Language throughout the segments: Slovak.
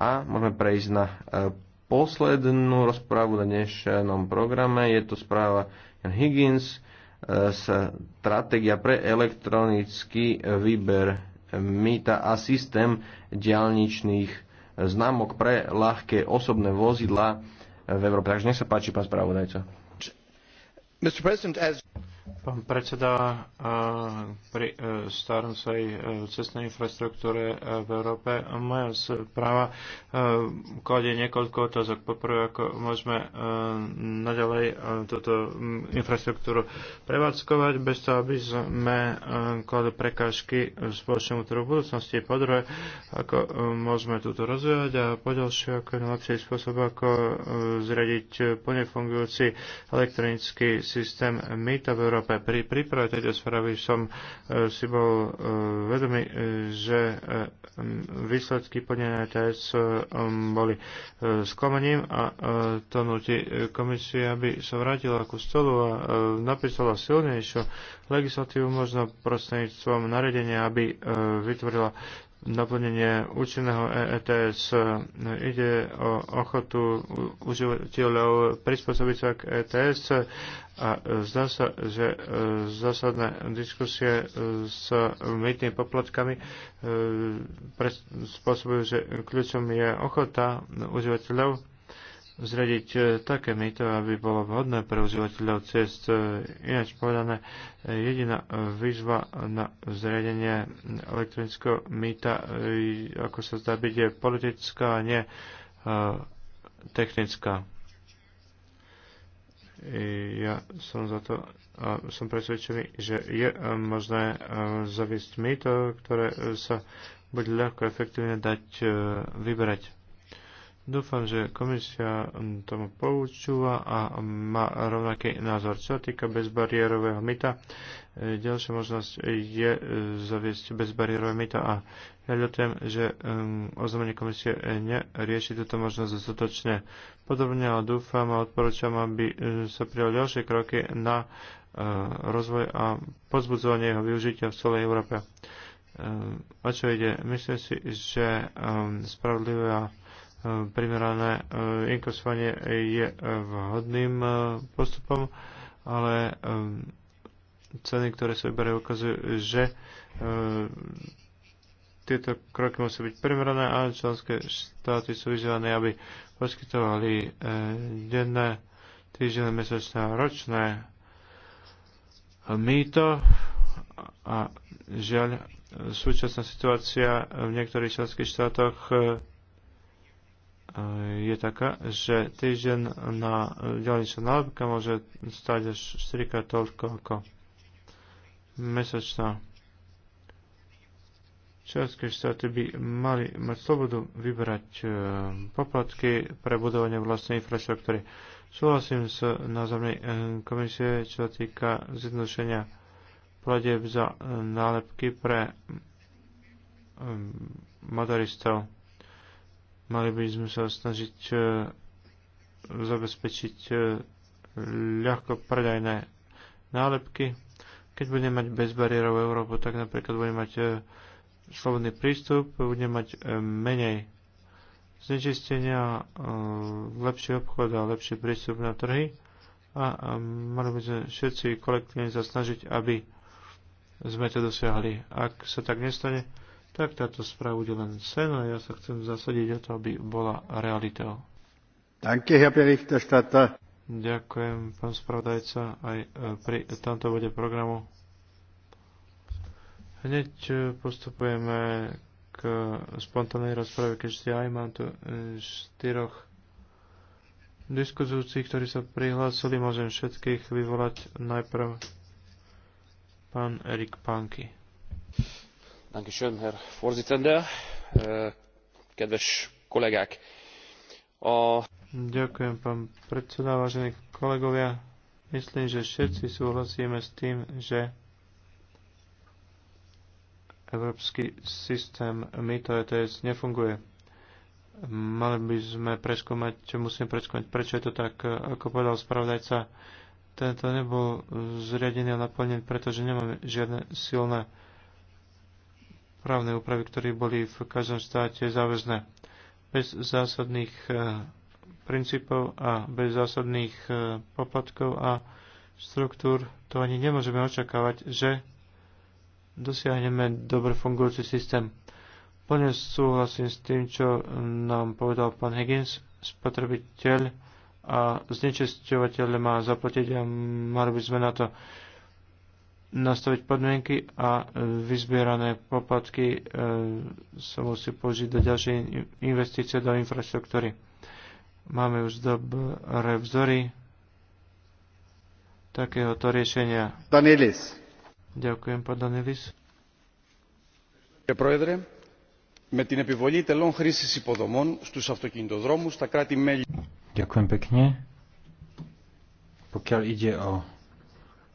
A môžeme prejsť na e, poslednú rozprávu na dnešnom programe. Je to správa Jan Higgins, e, stratégia pre elektronický výber mýta a systém diálničných známok pre ľahké osobné vozidla v Európe. Takže nech sa páči, pán spravodajca. Mr. President, as Pán predseda, e, pri e, starnúcej e, cestnej infraštruktúre v Európe moja správa kladie niekoľko otázok. Poprvé, ako môžeme naďalej túto infraštruktúru prevádzkovať bez toho, aby sme kladli prekážky spoločnému trhu v budúcnosti. Po druhé, ako môžeme túto rozvíjať a po ďalšie, ako je najlepší spôsob, ako zriadiť plne fungujúci elektronický systém MITA v Európe. Európe. Pri príprave tejto správy som e, si bol e, vedomý, e, že výsledky plnenia um, boli sklamaním a to nutí komisiu, aby sa vrátila ku stolu a napísala silnejšiu legislatívu, možno prostredníctvom naredenia, aby vytvorila naplnenie účinného ETS e Ide o ochotu užívateľov prispôsobiť sa k ETS e a zdá sa, že e, zásadné diskusie s mýtnymi poplatkami spôsobujú, že kľúčom je ochota užívateľov zriadiť e, také mýto, aby bolo vhodné pre užívateľov cest. E, ináč povedané, jediná e, výzva na zriadenie elektronického mýta, ako sa zdá byť, je politická a nie technická. Ja som za to som presvedčený, že je možné zaviesť mýto, ktoré sa bude ľahko efektívne dať vyberať. Dúfam, že komisia mm, tomu poučúva a má rovnaký názor. Čo týka bezbariérového mýta. E, ďalšia možnosť je e, zaviesť bezbariérové mýta a ja ľutujem, že oznamenie mm, oznámenie komisie e, nerieši túto možnosť dostatočne podobne, ale dúfam a odporúčam, aby sa prijali ďalšie kroky na rozvoj a pozbudzovanie jeho využitia v celej Európe. O čo ide? Myslím si, že mm, spravodlivé a primerané eh, inkasovanie je eh, vhodným eh, postupom, ale ceny, ktoré sa vyberajú, ukazujú, že tieto kroky musí byť primerané a členské štáty sú vyzývané, aby poskytovali denné, týždenné, mesačné a ročné mýto a žiaľ súčasná situácia v niektorých členských štátoch Eh, je taká, že týždeň na eh, ďalničná nálepka môže stať až 4 krát toľko ako mesačná. Členské štáty by mali mať slobodu vybrať eh, poplatky pre budovanie vlastnej infraštruktúry. Súhlasím s názormi komisie, čo týka zjednodušenia pladeb za nálepky pre motoristov Mali by sme sa snažiť e, zabezpečiť e, ľahko predajné nálepky. Keď budeme mať bezbariérovú Európu, tak napríklad budeme mať e, slobodný prístup, budeme mať menej znečistenia, lepší obchod a lepší prístup na trhy a mali by sme všetci kolektívne sa snažiť, aby sme to dosiahli. Ak sa tak nestane, tak táto správa bude len sen a ja sa chcem zasadiť o to, aby bola realitou. Danke, Herr Berichterstatter. Ďakujem, pán spravodajca, aj e, pri tomto bode programu. Hneď e, postupujeme k spontánnej rozprave, keďže aj mám tu e, štyroch diskuzujúcich, ktorí sa prihlásili. Môžem všetkých vyvolať najprv pán Erik Panky. Äh, Ďakujem, pán predseda, vážení kolegovia. Myslím, že všetci súhlasíme s tým, že európsky systém mýto ETS nefunguje. Mali by sme preskúmať, čo musíme preskúmať, prečo je to tak, ako povedal spravodajca. Tento nebol zriadený a naplnený, pretože nemáme žiadne silné právne úpravy, ktoré boli v každom štáte záväzné. Bez zásadných eh, princípov a bez zásadných eh, poplatkov a štruktúr to ani nemôžeme očakávať, že dosiahneme dobre fungujúci systém. Plne súhlasím s tým, čo eh, nám povedal pán Higgins. Spotrebiteľ a znečisťovateľ má zaplatiť a mali by sme na to nastaviť podmienky a e, vyzbierané poplatky e, sa musí použiť do ďalšej investície do infraštruktúry. Máme už dobré vzory takéhoto riešenia. Danielis. Ďakujem, pán Danielis. Pán με την επιβολή τελών χρήσης υποδομών στους αυτοκινητοδρόμους στα κράτη-μέλη. Ďakujem pekne. Pokiaľ ide o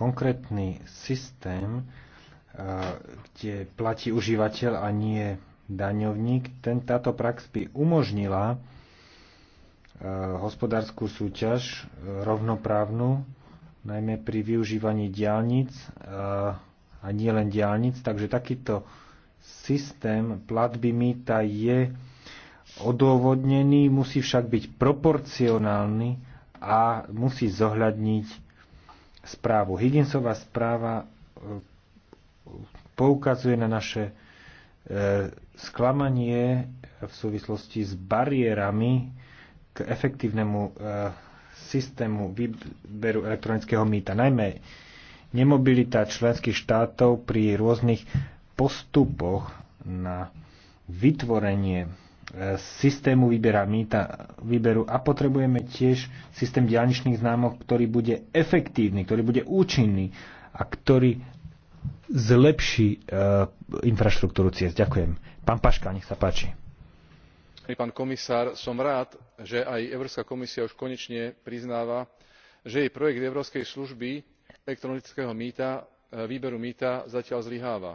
konkrétny systém, e, kde platí užívateľ a nie daňovník. Ten, táto prax by umožnila e, hospodárskú súťaž e, rovnoprávnu, najmä pri využívaní diálnic a nie len diálnic. Takže takýto systém platby mýta je odôvodnený, musí však byť proporcionálny a musí zohľadniť správu. Higginsová správa e, poukazuje na naše e, sklamanie v súvislosti s bariérami k efektívnemu e, systému výberu elektronického mýta. Najmä nemobilita členských štátov pri rôznych postupoch na vytvorenie systému výbera mýta, výberu a potrebujeme tiež systém diálničných známok, ktorý bude efektívny, ktorý bude účinný a ktorý zlepší uh, infraštruktúru ciest. Ďakujem. Pán Paška, nech sa páči. Pán komisár, som rád, že aj Európska komisia už konečne priznáva, že jej projekt Európskej služby elektronického mýta, e, výberu mýta zatiaľ zlyháva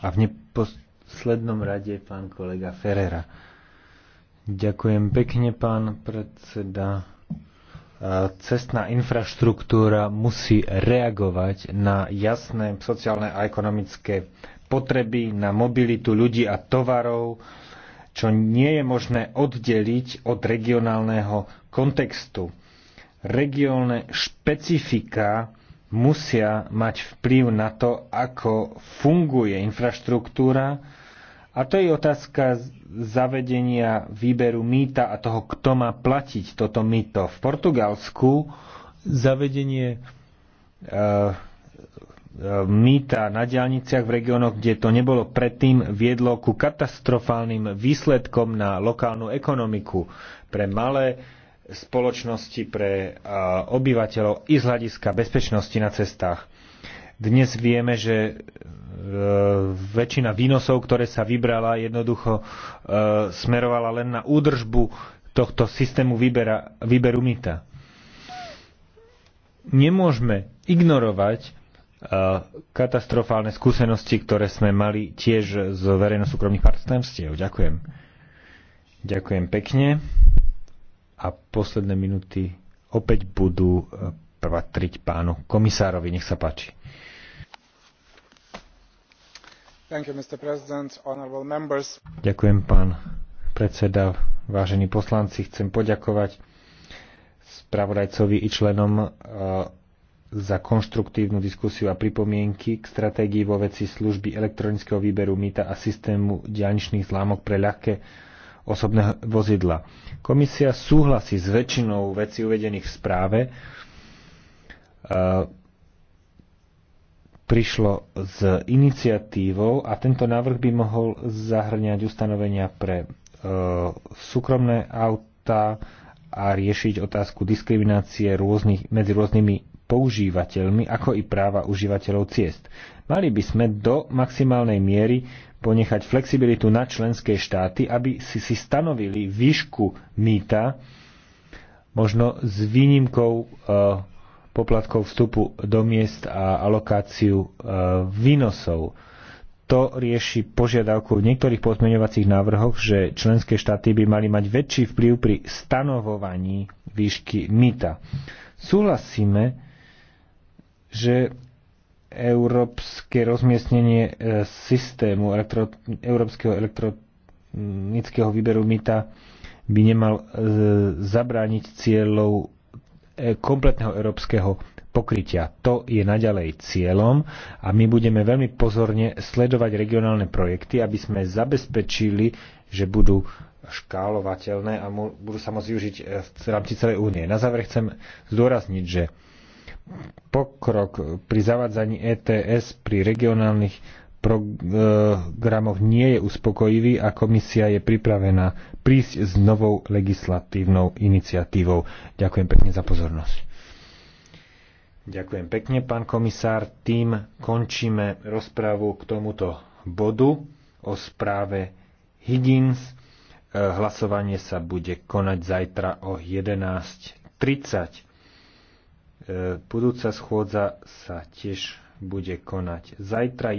A v neposlednom rade pán kolega Ferrera. Ďakujem pekne, pán predseda. Cestná infraštruktúra musí reagovať na jasné sociálne a ekonomické potreby, na mobilitu ľudí a tovarov, čo nie je možné oddeliť od regionálneho kontextu. Regionálne špecifika musia mať vplyv na to, ako funguje infraštruktúra. A to je otázka zavedenia výberu mýta a toho, kto má platiť toto mýto. V Portugalsku zavedenie e, e, mýta na diálniciach v regiónoch, kde to nebolo predtým, viedlo ku katastrofálnym výsledkom na lokálnu ekonomiku pre malé spoločnosti pre obyvateľov i z hľadiska bezpečnosti na cestách. Dnes vieme, že e, väčšina výnosov, ktoré sa vybrala, jednoducho e, smerovala len na údržbu tohto systému výbera, výberu mýta. Nemôžeme ignorovať e, katastrofálne skúsenosti, ktoré sme mali tiež z verejno-súkromných partnerstiev. Ďakujem. Ďakujem pekne a posledné minúty opäť budú e, patriť pánu komisárovi. Nech sa páči. You, Ďakujem, pán predseda, vážení poslanci. Chcem poďakovať spravodajcovi i členom e, za konštruktívnu diskusiu a pripomienky k stratégii vo veci služby elektronického výberu mýta a systému diaľničných zlámok pre ľahké osobného vozidla. Komisia súhlasí s väčšinou vecí uvedených v správe. E, prišlo s iniciatívou a tento návrh by mohol zahrňať ustanovenia pre e, súkromné auta a riešiť otázku diskriminácie rôznych, medzi rôznymi používateľmi, ako i práva užívateľov ciest. Mali by sme do maximálnej miery ponechať flexibilitu na členské štáty, aby si, si stanovili výšku mýta, možno s výnimkou e, poplatkov vstupu do miest a alokáciu e, výnosov. To rieši požiadavku v niektorých pozmeňovacích návrhoch, že členské štáty by mali mať väčší vplyv pri stanovovaní výšky mýta. Súhlasíme že európske rozmiestnenie e, systému elektro, európskeho elektronického výberu mýta by nemal e, zabrániť cieľov e, kompletného európskeho pokrytia. To je naďalej cieľom a my budeme veľmi pozorne sledovať regionálne projekty, aby sme zabezpečili, že budú škálovateľné a budú sa môcť využiť v rámci celej únie. Na záver chcem zdôrazniť, že pokrok pri zavádzaní ETS pri regionálnych programoch nie je uspokojivý a komisia je pripravená prísť s novou legislatívnou iniciatívou. Ďakujem pekne za pozornosť. Ďakujem pekne, pán komisár. Tým končíme rozprávu k tomuto bodu o správe Higgins. E, hlasovanie sa bude konať zajtra o 11.30. E, budúca schôdza sa tiež bude konať zajtra.